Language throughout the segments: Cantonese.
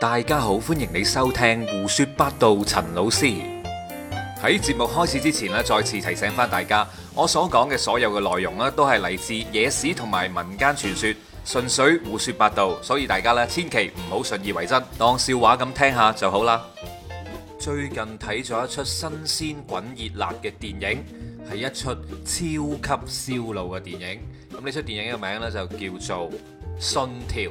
大家好，歡迎你收聽胡說八道。陳老師喺節目開始之前咧，再次提醒返大家，我所講嘅所有嘅內容咧，都係嚟自野史同埋民間傳說，純粹胡說八道，所以大家咧千祈唔好信以為真，當笑話咁聽下就好啦。最近睇咗一出新鮮滾熱辣嘅電影，係一出超級燒腦嘅電影。咁呢出電影嘅名呢，就叫做《信條》。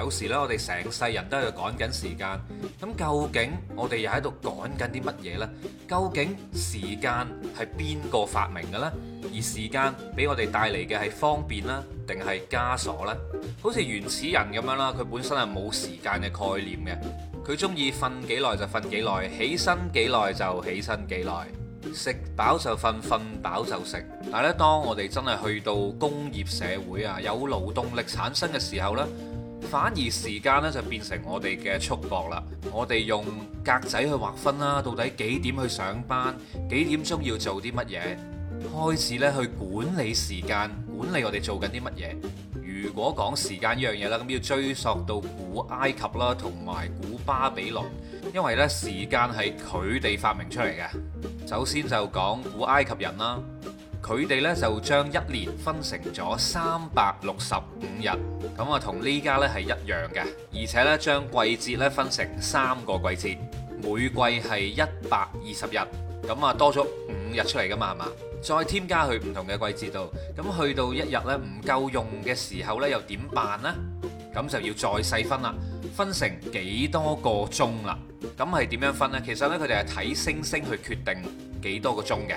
有時咧，我哋成世人都喺度趕緊時間。咁究竟我哋又喺度趕緊啲乜嘢呢？究竟時間係邊個發明嘅呢？而時間俾我哋帶嚟嘅係方便啦，定係枷鎖呢？好似原始人咁樣啦，佢本身係冇時間嘅概念嘅，佢中意瞓幾耐就瞓幾耐，起身幾耐就起身幾耐，食飽就瞓，瞓飽就食。但係咧，當我哋真係去到工業社會啊，有勞動力產生嘅時候呢。反而時間咧就變成我哋嘅束縛啦，我哋用格仔去劃分啦，到底幾點去上班，幾點鐘要做啲乜嘢，開始咧去管理時間，管理我哋做緊啲乜嘢。如果講時間呢樣嘢啦，咁要追溯到古埃及啦，同埋古巴比倫，因為呢時間係佢哋發明出嚟嘅。首先就講古埃及人啦。佢哋呢就將一年分成咗三百六十五日，咁啊同呢家呢係一樣嘅，而且呢，將季節呢分成三個季節，每季係一百二十日，咁啊多咗五日出嚟㗎嘛，係嘛？再添加去唔同嘅季節度，咁去到一日呢唔夠用嘅時候呢，又點辦呢？咁就要再細分啦，分成幾多個鐘啦？咁係點樣分呢？其實呢，佢哋係睇星星去決定幾多個鐘嘅。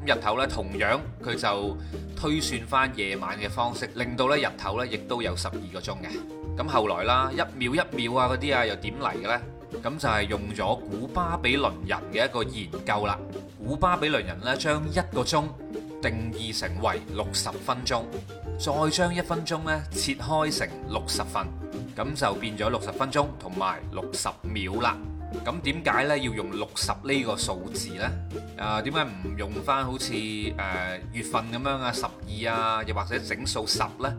咁日頭咧，同樣佢就推算翻夜晚嘅方式，令到咧日頭咧亦都有十二個鐘嘅。咁後來啦，一秒一秒啊嗰啲啊，又點嚟嘅呢？咁就係用咗古巴比倫人嘅一個研究啦。古巴比倫人呢，將一個鐘定義成為六十分鐘，再將一分鐘呢切開成六十分，咁就變咗六十分鐘同埋六十秒啦。咁點解呢要用六十呢個數字呢？誒點解唔用翻好似誒月份咁樣啊，十二啊，又或者整數十呢？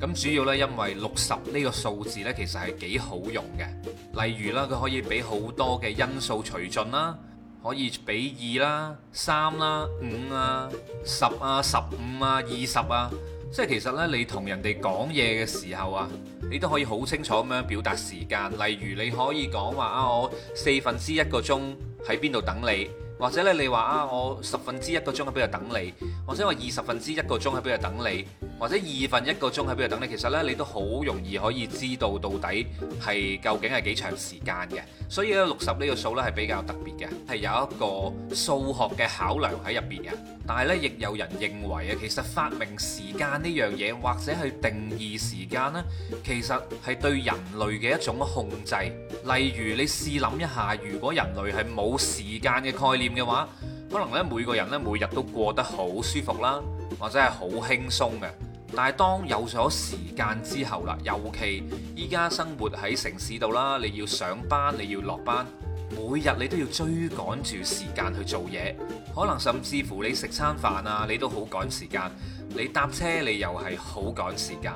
咁主要呢，因為六十呢個數字呢，其實係幾好用嘅。例如啦，佢可以俾好多嘅因數除盡啦，可以俾二啦、三啦、五啊、十啊、十五啊、二十啊。即係其實呢，你同人哋講嘢嘅時候啊，你都可以好清楚咁樣表達時間。例如你可以講話啊，我四分之一個鐘喺邊度等你，或者咧你話啊，我十分之一個鐘喺邊度等你，或者我二十分之一個鐘喺邊度等你。或者二分一個鐘喺邊度等你，其實呢，你都好容易可以知道到底係究竟係幾長時間嘅，所以呢，六十呢個數呢，係比較特別嘅，係有一個數學嘅考量喺入邊嘅。但係呢，亦有人認為啊，其實發明時間呢樣嘢或者係定義時間呢，其實係對人類嘅一種控制。例如你試諗一下，如果人類係冇時間嘅概念嘅話，可能呢每個人呢每日都過得好舒服啦，或者係好輕鬆嘅。但係當有咗時間之後啦，尤其依家生活喺城市度啦，你要上班，你要落班，每日你都要追趕住時間去做嘢，可能甚至乎你食餐飯啊，你都好趕時間，你搭車你又係好趕時間，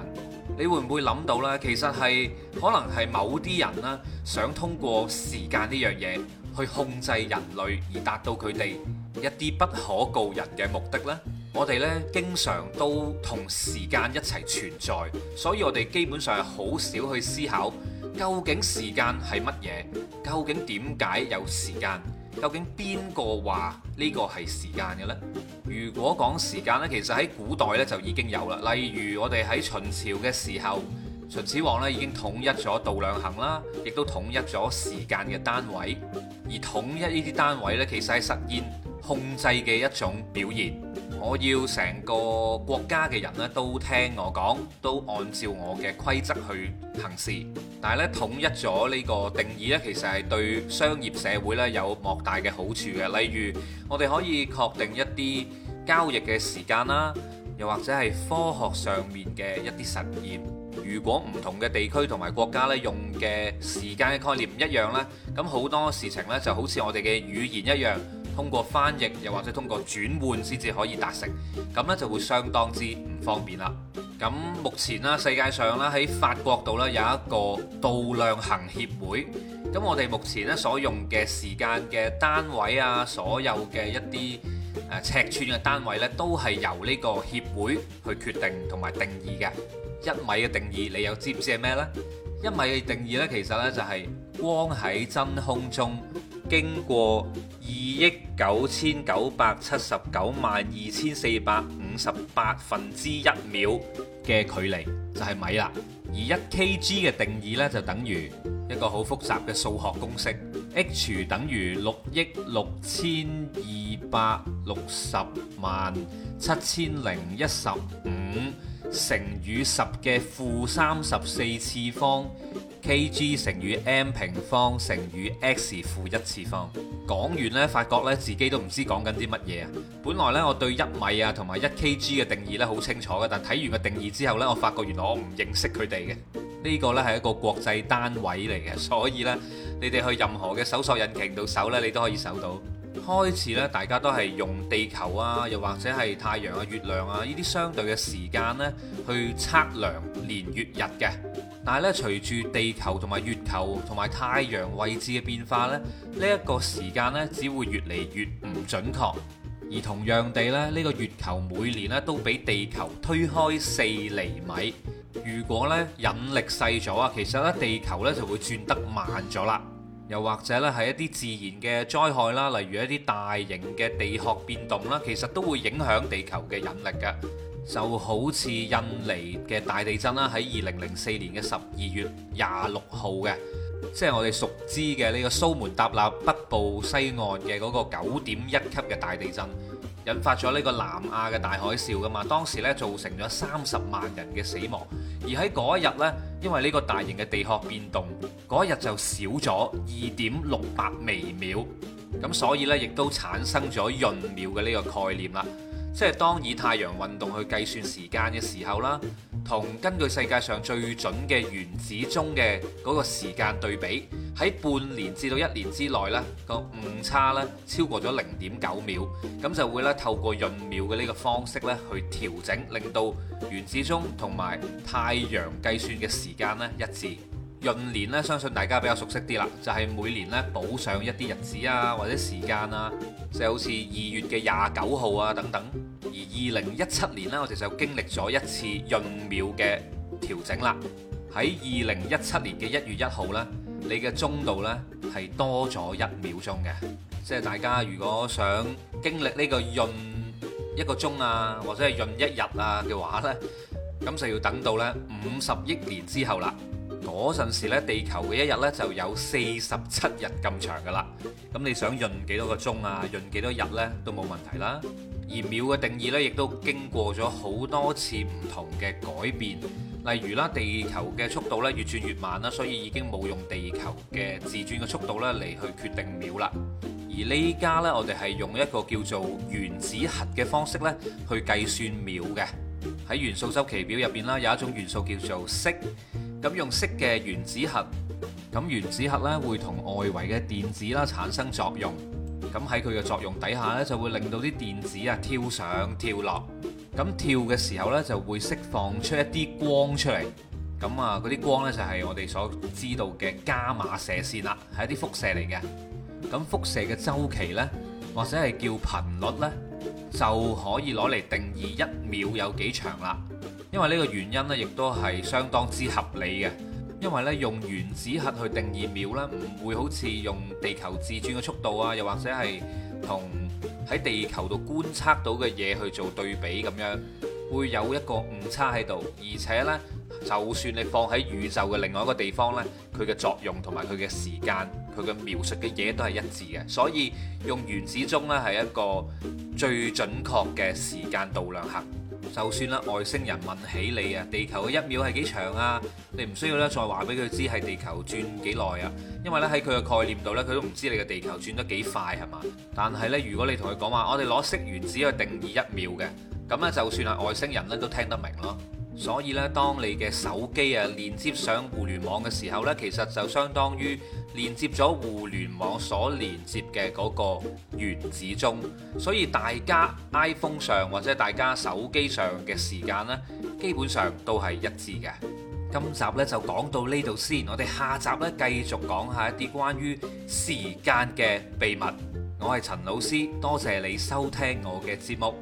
你會唔會諗到咧？其實係可能係某啲人啦，想通過時間呢樣嘢去控制人類，而達到佢哋一啲不可告人嘅目的呢？我哋呢經常都同時間一齊存在，所以我哋基本上係好少去思考究竟時間係乜嘢，究竟點解有時間，究竟邊個話呢個係時間嘅呢？如果講時間呢，其實喺古代呢就已經有啦。例如我哋喺秦朝嘅時候，秦始皇呢已經統一咗度量衡啦，亦都統一咗時間嘅單位，而統一呢啲單位呢，其實係實現控制嘅一種表現。我要成個國家嘅人咧都聽我講，都按照我嘅規則去行事。但係咧統一咗呢個定義咧，其實係對商業社會咧有莫大嘅好處嘅。例如，我哋可以確定一啲交易嘅時間啦，又或者係科學上面嘅一啲實驗。如果唔同嘅地區同埋國家咧用嘅時間嘅概念唔一樣咧，咁好多事情咧就好似我哋嘅語言一樣。通過翻譯又或者通過轉換先至可以達成，咁咧就會相當之唔方便啦。咁目前啦，世界上啦喺法國度咧有一個度量衡協會。咁我哋目前咧所用嘅時間嘅單位啊，所有嘅一啲誒尺寸嘅單位咧，都係由呢個協會去決定同埋定義嘅。一米嘅定義，你又知唔知係咩咧？一米嘅定義咧，其實咧就係光喺真空中經過二億九千九百七十九萬二千四百五十八分之一秒嘅距離就係米啦，而一 Kg 嘅定義呢，就等於一個好複雜嘅數學公式，h 等於六億六千二百六十萬七千零一十五乘以十嘅負三十四次方。k g 乘以 m 平方乘以 x 負一次方。講完咧，發覺咧自己都唔知講緊啲乜嘢啊。本來咧，我對一米啊同埋一 k g 嘅定義咧好清楚嘅，但睇完個定義之後咧，我發覺原來我唔認識佢哋嘅。呢個咧係一個國際單位嚟嘅，所以咧你哋去任何嘅搜索引擎度搜咧，你都可以搜到。開始咧，大家都係用地球啊，又或者係太陽啊、月亮啊呢啲相對嘅時間咧去測量年、月、日嘅。但係咧，隨住地球同埋月球同埋太陽位置嘅變化咧，呢、這、一個時間咧，只會越嚟越唔準確。而同樣地咧，呢、這個月球每年咧都畀地球推開四厘米。如果咧引力細咗啊，其實咧地球咧就會轉得慢咗啦。又或者咧，係一啲自然嘅災害啦，例如一啲大型嘅地殼變動啦，其實都會影響地球嘅引力嘅。就好似印尼嘅大地震啦，喺二零零四年嘅十二月廿六號嘅，即係我哋熟知嘅呢個蘇門答臘北部西岸嘅嗰個九點一級嘅大地震，引發咗呢個南亞嘅大海嘯噶嘛。當時咧造成咗三十萬人嘅死亡，而喺嗰一日咧，因為呢個大型嘅地殼變動，嗰一日就少咗二點六八微秒，咁所以咧亦都產生咗閏秒嘅呢個概念啦。即係當以太陽運動去計算時間嘅時候啦，同根據世界上最準嘅原子鐘嘅嗰個時間對比，喺半年至到一年之內呢，個誤差呢超過咗零點九秒，咁就會呢透過閏秒嘅呢個方式呢去調整，令到原子鐘同埋太陽計算嘅時間呢一致。閏年呢相信大家比較熟悉啲啦，就係、是、每年呢補上一啲日子啊或者時間啊，就好似二月嘅廿九號啊等等。二零一七年呢，我哋就經歷咗一次閏秒嘅調整啦。喺二零一七年嘅一月一號呢，你嘅鐘度呢係多咗一秒鐘嘅。即係大家如果想經歷呢個閏一個鐘啊，或者係閏一日啊嘅話呢，咁就要等到呢五十億年之後啦。嗰陣時呢，地球嘅一日呢就有四十七日咁長噶啦。咁你想閏幾多個鐘啊？閏幾多日呢，都冇問題啦。而秒嘅定義咧，亦都經過咗好多次唔同嘅改變，例如啦，地球嘅速度咧越轉越慢啦，所以已經冇用地球嘅自轉嘅速度咧嚟去決定秒啦。而呢家咧，我哋係用一個叫做原子核嘅方式咧去計算秒嘅。喺元素周期表入邊啦，有一種元素叫做銫，咁用銫嘅原子核，咁原子核咧會同外圍嘅電子啦產生作用。咁喺佢嘅作用底下呢，就會令到啲電子啊跳上跳落，咁跳嘅時候呢，就會釋放出一啲光出嚟，咁啊嗰啲光呢，就係我哋所知道嘅伽馬射線啦，係一啲輻射嚟嘅。咁輻射嘅周期呢，或者係叫頻率呢，就可以攞嚟定義一秒有幾長啦。因為呢個原因呢，亦都係相當之合理嘅。因為咧用原子核去定義秒咧，唔會好似用地球自轉嘅速度啊，又或者係同喺地球度觀察到嘅嘢去做對比咁樣，會有一個誤差喺度。而且呢，就算你放喺宇宙嘅另外一個地方咧，佢嘅作用同埋佢嘅時間，佢嘅描述嘅嘢都係一致嘅。所以用原子鐘咧係一個最準確嘅時間度量衡。就算啦，外星人問起你啊，地球嘅一秒係幾長啊？你唔需要咧再話俾佢知係地球轉幾耐啊，因為咧喺佢嘅概念度咧，佢都唔知你嘅地球轉得幾快係嘛？但係咧，如果你同佢講話，我哋攞銫原子去定義一秒嘅，咁咧就算係外星人咧都聽得明囉。所以咧，當你嘅手機啊連接上互聯網嘅時候咧，其實就相當於連接咗互聯網所連接嘅嗰個原子鐘。所以大家 iPhone 上或者大家手機上嘅時間咧，基本上都係一致嘅。今集咧就講到呢度先，我哋下集咧繼續講下一啲關於時間嘅秘密。我係陳老師，多謝你收聽我嘅節目。